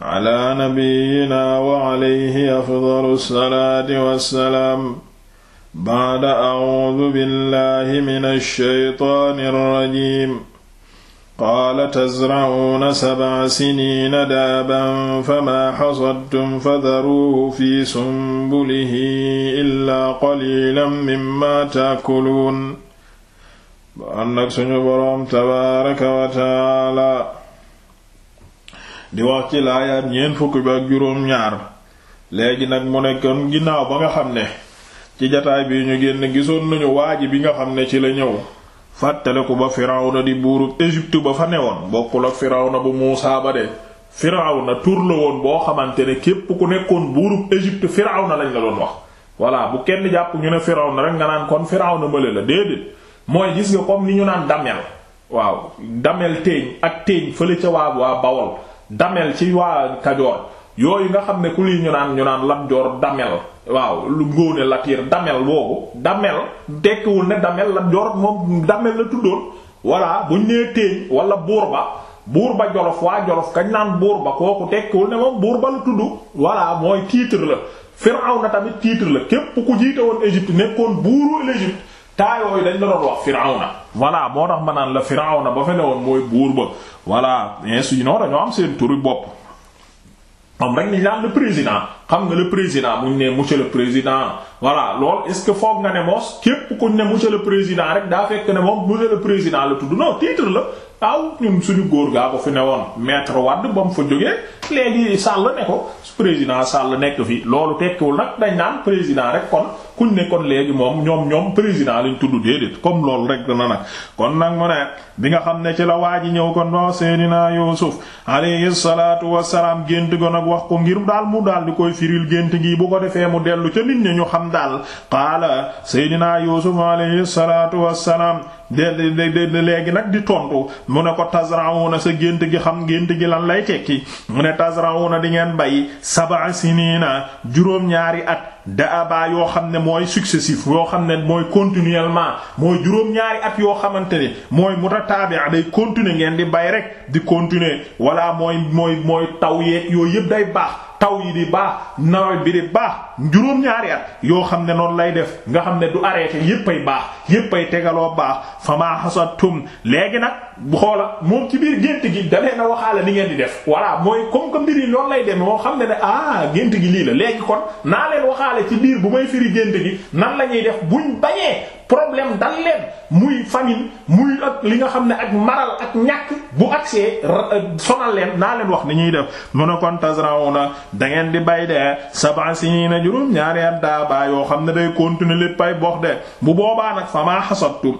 ala nabiyyina wa alayhi afdalu salaati wassalaam ba'da a'uudu billahi mina shaytaani rajiim qaala tazra'uuna sab'a siniina daaban famaa hasadtum fadharuuhu fi sumbulihi illaa qaliilan mimmaa ta'kuluun ba ànd ak suñu boroom tabaaraka wa ta'aala di wax ci laayaat ñeent fukki bi ak juróom-ñaar léegi nag mu ne kon ginnaaw ba nga xam ne ci jataay bi ñu génn gisoon nañu waa ji bi nga xam ne ci la ñëw fàttaleku ba firawna di buurub Égypte ba fa woon bokkul ak firawna bu Muusaa ba de firawna tur la woon boo xamante ne képp ku nekkoon buurub Égypte firawna lañ la doon wax voilà bu kenn jàpp ñu ne firawna rek nga naan kon firawna mële la déedéet mooy gis nga comme ni ñu naan damel waaw damel teeñ ak teeñ damel ci waa Kajoor yooyu nga xam ne ku lii ñu naan ñu naan Lat Joor damel waaw lu ngóone latiir damel boobu damel tekkiwul ne damel Lat Joor moom damel la tuddoon walla buñ nee téeñ wala buur ba buur ba jolof waa jolof kañ naan buur ba kooku tekkiwul ne moom buur ba la tudd walla mooy titre la na tamit titre la képp ku jiite woon Égypte nekkoon buuru l'Égypte taa yooyu dañ la doon wax Firawna voilà moo tax ma naan la Firawna ba fa newoon mooy buur ba voilà mais suñu noo dañoo am seen turi bopp moom rek niñ naan le président xam nga le président muñ ne monsieur le président voilà loolu est-ce que foog nga ne moos képp kuñ ne monsieur le président rek daa fekk ne moom monsieur le président la tudd non titre la waaw ñun suñu góor gaa ko fi ne woon maître Wade ba fa jógee léegi Sall ne ko président Sall nekk fi loolu tekkiwul nag dañ naan président rek kon kuñ ne kon léegi moom ñoom ñoom président lañ tudd déedéet comme loolu rek dana nag kon nag mu ne bi nga xam ne ci la waa ji ñëw kon wax Seydina Yuusuf alayhi salaatu wassalaam gént ko nag wax ko ngir daal mu firil gént gi bu ko defee mu dellu ca nit ñi ñu xam daal qaala seydinaa yuusuf alayhi salaatu wassalaam de de léegi nag di tontu mu ne ko tazrauna sa gént gi xam gént gi lan lay tekki mu ne tazrauna di ngeen bay sab'a sinina juróom-ñaari at daaba yoo xam ne mooy successif yoo xam ne mooy continuellement mooy juróom-ñaari at yoo xamante ne mooy mutatabi' day continuer ngeen di bay rek di continuer wala mooy mooy mooy taw yeeg yooyu day baax taw yi di baax nawet bi di baax juróom-ñaari at yoo xam ne noonu lay def nga xam ne du arrêté yéppay baax yéppay tegaloo baax fama hasadtum léegi nag bu xoola moom ci biir gént gi dalee na waxaale ni ngeen di def voilà mooy comme que mbir yi lay dem moo xam ne ne ah gént gi lii la léegi kon naa leen waxaale ci biir bu may firi gént gi nan la ñuy def buñ bañee problème dal leen muy famine muy ak li nga xam ne ak maral ak ñàkk bu agsee euh, sonal leen naa leen wax ni ñuy def mu ne kon tasrauna da ngeen di bay de sab'a sinina juróom ñaari at daa baa yoo xam ne day continuer lépp ay box de bu boobaa nag famaa hasattum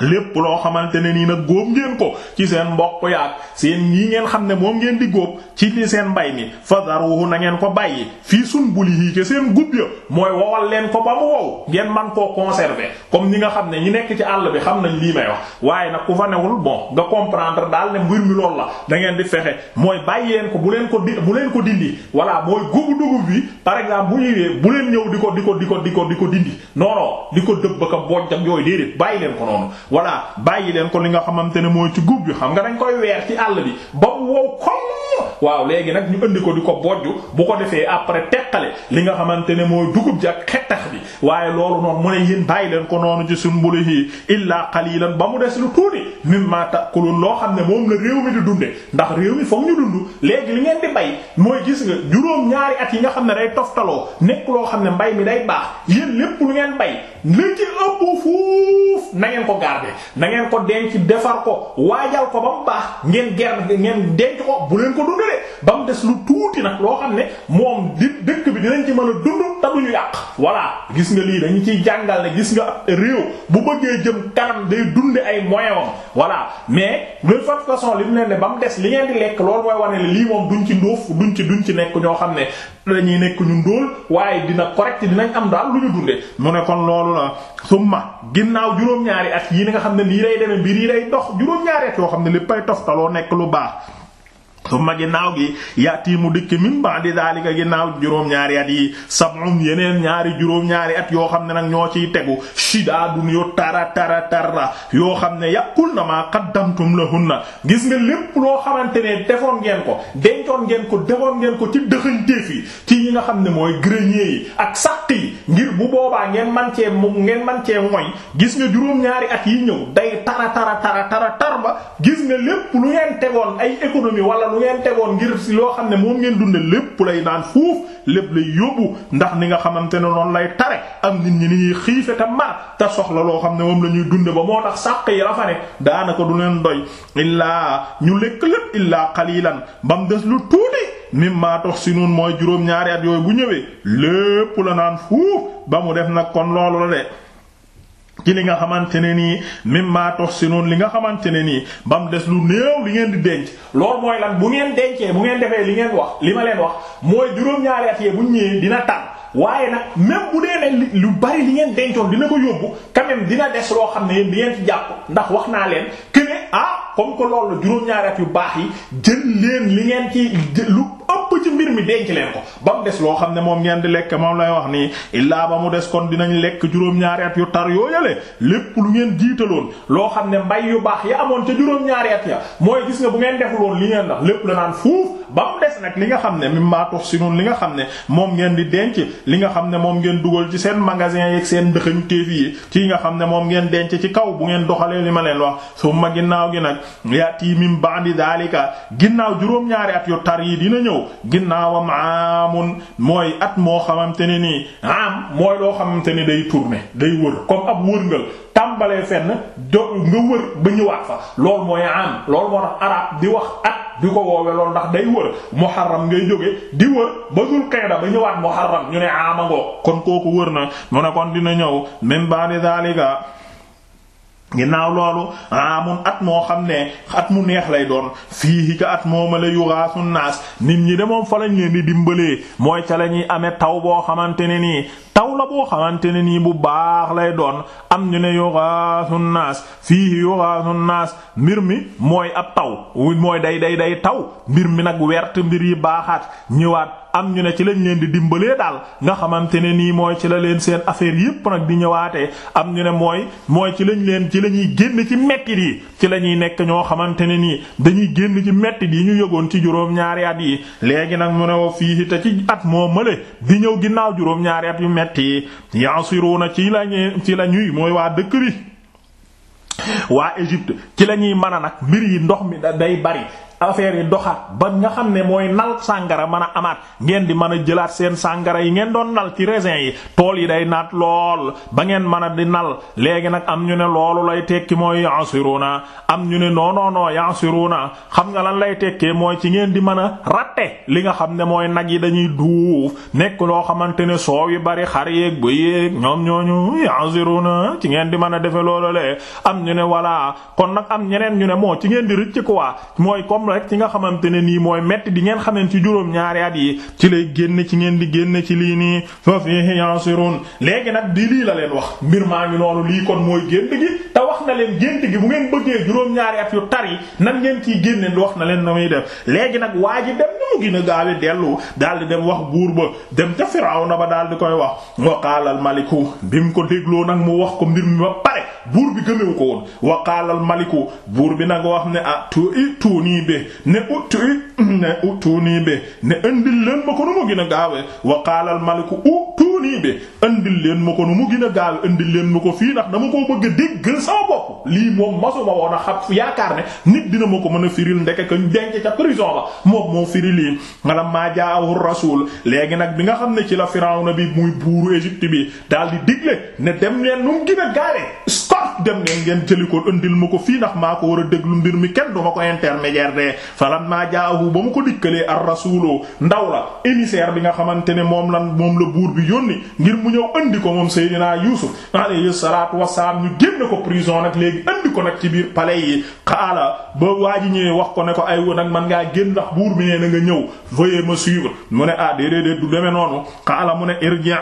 lépp loo xamante ne nii nag góob ngeen ko ci seen mboq yaag seen yi ngeen xam ne moom ngeen di góob ci li seen mbay mi fadaruhu na ngeen ko bàyyi fii sunbulihi ci seen gub ya mooy wowal leen ko ba mu wow ngeen man koo conserver comme ni nga xam ne ñi nekk ci àll bi xam nañ lii may wax waaye nag ku fa newul bon nga comprendre daal ne mbir mi loolu la da ngeen di fexe mooy bàyyi leen ko bu leen ko di bu leen ko dindi voilà mooy gubu dugub bi par exemple bu bu leen ñëw di ko di ko di ko di ko di ko dindi non di ko dëbb ka bojj ak yooyu déedéet bàyyi leen ko noonu voilà bàyyi leen ko li nga xamante ne mooy ci gub yu xam nga dañ koy weer ci àll bi ba mu wow koŋ waaw léegi nag ñu indi ko di ko bojj bu ko defee après teqale li nga xamante ne mooy dugub ji ak xettax bi waaye loolu noonu mu ne yéen bàyyi leen ko noonu ci sunbulihi illaa qalilan ba mu des lu tuuti mimma taakulun loo xam ne moom la réew mi di dunde ndax réew mi foog ñu dund léegi li ngeen di bay mooy gis nga juróom ñaari at yi nga xam ne day toftaloo nekk loo xam ne mbay mi day baax yéen lépp lu ngeen bay li ci ëpp ko gaar tardé na ngeen ko denc defar ko waajal ko ba mu baax ngeen ger ngeen denc ko bu leen ko dundalee ba mu des lu tuuti nag loo xam ne moom di dëkk bi dinañ ci mën a dund te duñu yàq voilà gis nga lii dañu ciy jàngal ne gis nga réew bu bëggee jëm kanam day dunde ay moyens am voilà mais de toute façon li mu ne ne ba mu des li ngeen di lekk loolu mooy wane ne lii moom duñ ci ndóof duñ ci duñ ci nekk ñoo xam ne dañuy nekk ñu ndóol waaye dina correct dinañ am daal lu ñu dunde mu ne kon summa ginnaaw juróom-ñaari at yi nga xam ne lii lay demee mbir yi lay dox juróom-ñaari at yoo xam ne léppay toftaloo nekk lu baax summa naaw gi yati mu dikk mi min ba'di daalika ginnaaw juróom-ñaari at yi sab'un yeneen ñaari juróom-ñaari at yoo xam ne nag ñoo ciy tegu shidaadun yu tara tara tara yoo xam ne yaqulna ma qaddamtum lahunna gis nga lépp loo xamante ne defoon ngeen ko dencoon ngeen ko defoon ngeen ko ci dëxanteef yi ci yi nga xam ne mooy grenier yi ak sàq ngir bu boobaa ngeen man cee mu ngeen man cee moy gis nga juróom-ñaari at yi ñëw day tara tara tara tara tar ba gis nga lépp lu ngeen tegoon ay économie wala lu ngeen tegoon ngir si loo xam ne moom ngeen dunde lépp lay naan fuuf lépp lay yóbbu ndax ni nga xamante ne noonu lay tare am nit ñi ni ñuy xiife te mar te soxla loo xam ne moom la ñuy dunde ba moo tax sàq yi rafane daanaka du leen doy illaa ñu lekk lépp illaa qalilan bam des lu tuuti si tuhsinun mooy juróom ñaari at yooyu bu ñëwee lépp la naan fuuf ba mu def nag kon loolu la de ci li nga xamante ne nii si noonu li nga xamante ne nii ba mu des lu néew li ngeen di denc loolu mooy lan bu ngeen dencee bu ngeen defee li ngeen wax li ma leen wax mooy juróom-ñaari at yee bu ñëwee dina tànn waaye nag même bu dee ne lu bari li ngeen dencoon dina ko yóbbu quand même dina des loo xam ne yéen di ngeen ci jàpp ndax wax naa leen que ah comme que loolu juróom-ñaari at yu baax yi jël leen li ngeen ci lu ko ci mbir mi denc leen ko ba mu des loo xam ne moom ngeen di lekk moom lay wax nii illaa ba mu des kon dinañ lekk juróom-ñaari yu tar yooyale lépp lu ngeen jiitaloon loo xam ne mbay yu baax ya amoon ca juróom-ñaari ya mooy gis bu ngeen li ngeen ndax lépp la naan ba des nag li nga xam ne mimma tuhsinun li nga xam ne moom ngeen di denc li nga xam ne moom ngeen dugal ci seen magasin seen ndëxañteef yi ci nga xam ne moom ngeen denc ci kaw bu ngeen doxalee li ma leen wax summa ginnaaw gi nag yaati min ba'di daalika ginnaaw juróom-ñaari at yu tar yi dina ñëw ginnaawam aamun mooy at moo xamante ne nii am mooy loo xamante ni day tourner day wër comme ab wërngal tàmbalee fenn do nga wër ba ñëwaat fa loolu mooy am loolu moo tax arab di wax at di ko woowe loolu ndax day wër muharram ngay jóge di wër ba dul qayda ba ñëwaat muharram ñu ne aamangoo kon kooku wër na mu ne kon dina ñëw min ba'di zalika ginnaaw loolu amun at moo xam ne at mu neex lay doon fii ka at mooma la yuraasu naas nit ñi de moom fa lañ leen di dimbalee mooy ca la ñuy amee taw boo xamante ne nii taw la boo xamante ne nii bu baax lay doon am ñu ne yuraasu naas fii yuraasu naas mbir mi mooy ab taw mooy day day day taw mbir mi nag wert mbir yi baaxaat ñëwaat. am ñu ne ci lañ leen di dimbalee daal nga xamante ne nii mooy ci la leen seen affaire yépp nag bi ñëwaatee am ñu ne mooy mooy ci lañ leen ci la ñuy génn ci mettit yi ci la ñuy nekk ñoo xamante ne nii dañuy génn ci mettit yi ñu yëgoon ci juróom-ñaari at yi léegi nag mu ne wa fii te ci at moo mële di ñëw ginnaaw juróom-ñaari at yu metti yi yasiruuna ci lañu ci la ñuy mooy waa dëkk bi waa Égypte ci lañuy ñuy a nag mbir yi ndox mi day bari affaire yi doxaat ba nga xam ne mooy nal sàngara mën a amaat ngeen di mën a jëlaat seen sàngara yi ngeen doon nal ci résin yi tool yi day naat lool ba ngeen mën a di nal léegi nag am ñu ne loolu lay tekki mooy na am ñu ne non non non yasiruna xam nga lan lay tekkee mooy ci ngeen di mën a ratte li nga xam ne mooy nag yi dañuy duuf nekk loo xamante ne soow yi bari xar yeeg ba yeeg ñoom ñooñu yasiruna ci ngeen di mën a defe loolu le am ñu ne voilà kon nag am ñeneen ñu ne moo ci ngeen di rëcc quoi mooy comme moom rek ci nga xamante ne nii mooy metti di ngeen xam ne ci juróom ñaari at yi ci lay génn ci ngeen di génn ci lii nii fa fihi yasirun léegi nag di lii la leen wax mbir maa ngi noonu lii kon mooy gént gi te wax na leen gént gi bu ngeen bëggee juróom-ñaari at yu tar yi nan ngeen ciy génne wax na leen na muy def léegi nag waa ji dem nu mu gën a dellu daal di dem wax buur ba dem ca na ba daal di koy wax wa qaala al maliku bi mu ko dégloo nag mu wax ko mbir mi ba pare buur bi gëmewu ko bi ne uttu ne uttu nii bi ne indil leen ma ko nu mu gën a gaawe wa qaala al maliku uttu nii bi indil leen ma ko nu mu gën a gaawe indil leen ma ko fii ndax dama koo bëgg a déggal sama bopp non lii moom masuma woon a xam yaakaar ne nit dina ma ko mën a firil ndeke kañ denc ca prison ba moom moo firi maa jaahu rasul léegi nag bi nga xam ne ci la Firawna bi muy buuru Égypte bi daal di digle ne dem leen dem ngeen ngeen jëli ko ëndil ma ko fii ndax maa ko war a déglu mbir mi kenn du ko intermédiaire de maa jaahu ba mu ko dikkalee ar rasulu ndaw la émissaire bi nga xamante ne moom lan moom la buur bi yónni ngir mu ñëw andi ko moom Seydina Yuusuf alayhi salaatu wassalaam ñu génn ko prison nag léegi andi ko nag ci biir palais yi xaala ba waa ji ñëwee wax ko ne ko ay woon nag man ngaa génn ndax buur bi nee na nga ñëw veuillez me suivre mu ne ah déedéet du demee noonu xaala mu ne irji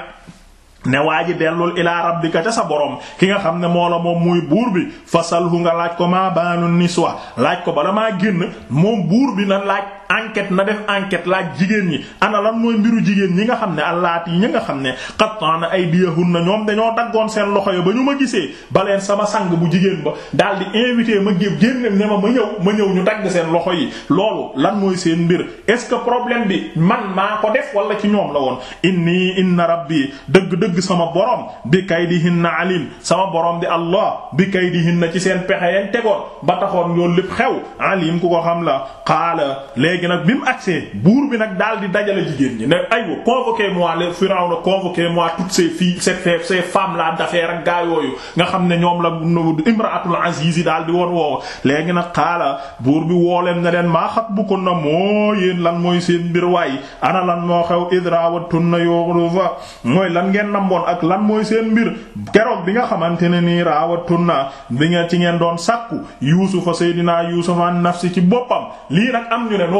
ne waa ji dellul ilaa rabbika ca sa borom ki nga xam ne moo la moom muy buur bi fasalhu nga laaj ko maa baanu niswa laaj ko bala maa génn moom buur bi na laaj enquête na def enquête laaj jigéen ñi ana lan mooy mbiru jigéen ñi nga xam ne allaat yi ñi nga xam ne naa ne ay qattana na ñoom dañoo daggoon seen loxo yi ba ñu ma gisee baleen sama sang bu jigéen ba daal di invité ma gé génn ne ma ma ñëw ma ñëw ñu dagg seen loxo yi loolu lan mooy seen mbir est-ce que problème bi man maa ko def wala ci ñoom la woon inni inna bi dëgg-dëgg sama borom bi na alim sama borom di allah bi kaydihinna ci seen pexe yañ ba taxoon loolu lépp xew alim ku léegi nag bi mu agsee buur bi nag daal di dajale jigéen ñi ne aywa convoquez-moi le Firawna convoquez-moi toutes ces filles ces ces femmes là d'affaires ak gaa yooyu nga xam ne ñoom la imraatul aziz yi daal di woon woo léegi nag xaala buur bi wooleem na leen maa xat bu ko na yéen lan mooy seen mbir waay lan moo xew idrawatunna yughrufa mooy lan ngeen namboon ak lan mooy seen mbir keroog bi nga xamante ne nii rawatunna bi nga ci ngeen doon sàkku yuusufa sayidina yuusuf an nafsi ci boppam lii nag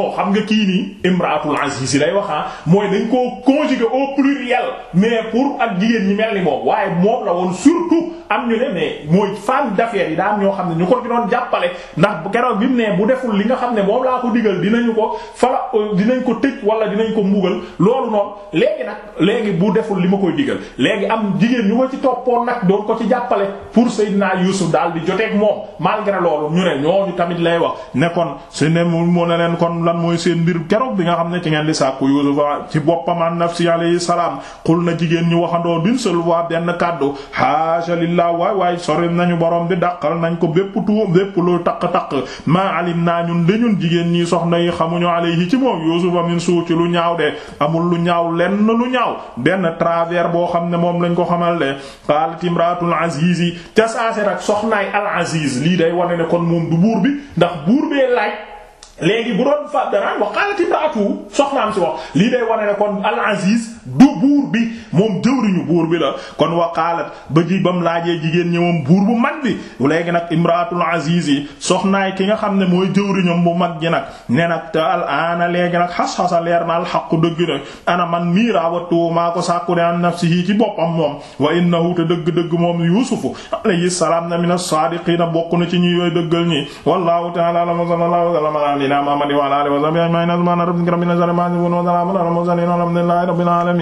non xam nga kii nii imraatul aziz lay wax ah mooy dañ koo conjugué au pluriel mais pour ak jigéen ñi mel ni moom waaye moom la woon surtout am ñu ne mais mooy femme d'affaires yi daa ñoo xam ne ñu ko ci jàppale ndax keroog bi mu ne bu deful li nga xam ne moom laa ko digal dinañu ko fala euh, dinañ ko tëj wala dinañ ko mbugal loolu noonu léegi nag léegi bu deful li ma koy digal léegi am jigéen ñu ko ci toppoon nag doon ko ci jàppale pour Seydina Yuusuf daal di joteeg moom malgré loolu ñu ne ñooñu tamit lay wax ne kon su ne mu ne leen kon la lan mooy seen mbir keroog bi nga xam ne ci ngeen di sàkku Yuusufa ci boppam an nafsi alayhi salaam xul na jigéen ñi waxandoo d'une seule voix benn kàddu haasha lillah waay waay sori nañu borom bi dàqal nañ ko bépp tu bépp lu taq-taq maa alim naa ñun de ñun jigéen ñi soxna yi xamuñu alayhi ci moom Yuusufa min suu ci lu ñaaw de amul lu ñaaw lenn lu ñaaw benn travers boo xam ne moom lañ ko xamal de qaalat imraatul aziz yi ca saase nag soxnaay al aziz lii day wane léegi bu doon fa dara wa qalat imraatu soxnaam si wax lii day wane ne kon al aziz du buur bi moom jëwriñu buur bi la kon waqaalat ba ji ba mu laajee jigéen ñi moom buur bu mag bi léegi nag imraatul aziz yi soxnaay ki nga xam ne mooy jëwriñam bu mag ji nag ne nag te al aana léegi xas-xasa leer na alxaqu dëgg nag ana man mii raawattu maa ko sàkku ne an nafsihi ci boppam moom wa innahu te dëgg-dëgg moom yuusufu alayhi salaam na mina saadiqiina bokk na ci ñi yooy dëggal ñi